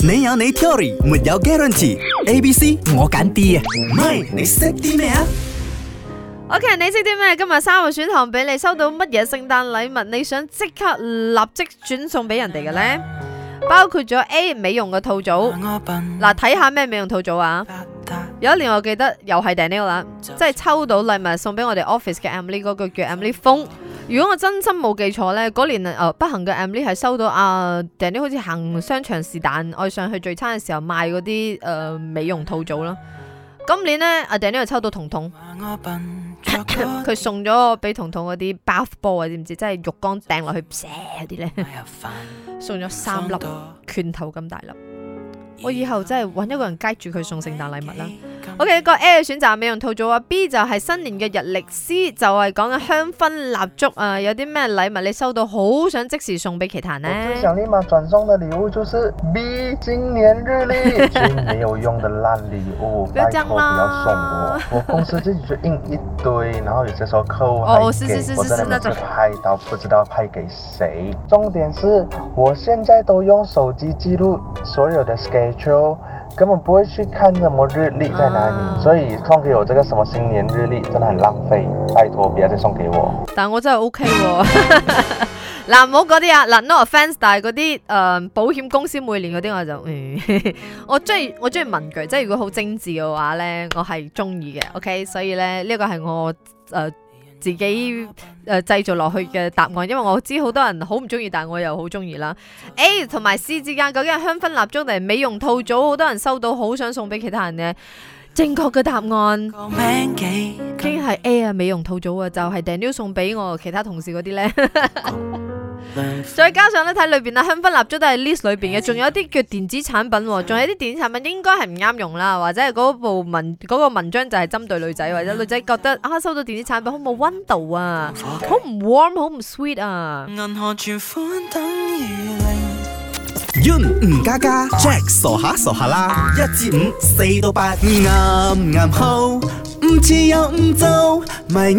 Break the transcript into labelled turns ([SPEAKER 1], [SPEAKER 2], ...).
[SPEAKER 1] 你有你 theory 沒有 guarantee。A、B、 C 我揀 D 啊，MY 你識啲咩啊？OK，你識啲咩？今日三個選項俾你，收到乜嘢聖誕禮物，你想即刻立即轉送俾人哋嘅咧？包括咗 A 美容嘅套組，嗱睇下咩美容套組啊？但有一年我記得又係 Daniel 啦，即係抽到禮物送俾我哋 office 嘅 Emily 嗰個叫 Emily 風。如果我真心冇記錯咧，嗰年誒、呃、不幸嘅 Emily 係收到阿 Danny 好似行商場是但愛上去聚餐嘅時候賣嗰啲誒美容套組啦。今年咧，阿 Danny 又抽到彤彤，佢 送咗俾彤彤嗰啲 bath ball 啊，知唔知？即係浴缸掟落去嗰啲咧，嘯嘯 送咗三粒拳頭咁大粒。我以後真係搵一個人街住佢送聖誕禮物啦。O.K. 個 A 選擇美容套組，B 就係新年嘅日曆，C 就係講嘅香薰蠟燭啊！有啲咩禮物你收到好想即時送俾其他人咧？我最想立馬轉送嘅禮物就是 B，今年日曆。 沒有用的爛禮物， 拜託不要送我。 我公司自己就印一堆，然後有些時候客戶哦，是，是，是，是我真係唔知派到，不知道拍給誰。 重點是我現在都用手機記錄所有的 schedule。根本不會去看什麼日曆在哪裏，啊、所以送給我這個什麼新年日曆真的很浪費，拜託不要再送給我。但我真係 OK 喎、哦，嗱唔好嗰啲啊，嗱 no offense，但係嗰啲誒保險公司每年嗰啲我就，嗯、 我中意我中意文具，即係如果好精緻嘅話咧，我係中意嘅，OK，所以咧呢、這個係我誒。呃自己誒、呃、製造落去嘅答案，因為我知好多人好唔中意，但係我又好中意啦。A 同埋 C 之間究竟香薰蠟燭定美容套組？好多人收到好想送俾其他人嘅正確嘅答案，究竟係 A 啊，美容套組啊，就係、是、Daniel 送俾我其他同事嗰啲呢。明 再加上咧睇裏邊啊，香薰蠟燭都係 list 裏邊嘅，仲有啲叫電子產品，仲有啲電子產品應該係唔啱用啦，或者係嗰部文嗰個文章就係針對女仔，或者女仔覺得啊收到電子產品好冇溫度啊，好唔 warm，好唔 sweet 啊。銀行存款等唔唔唔加，Jack，傻傻下，下啦！」一至五，四到八，唔似有咪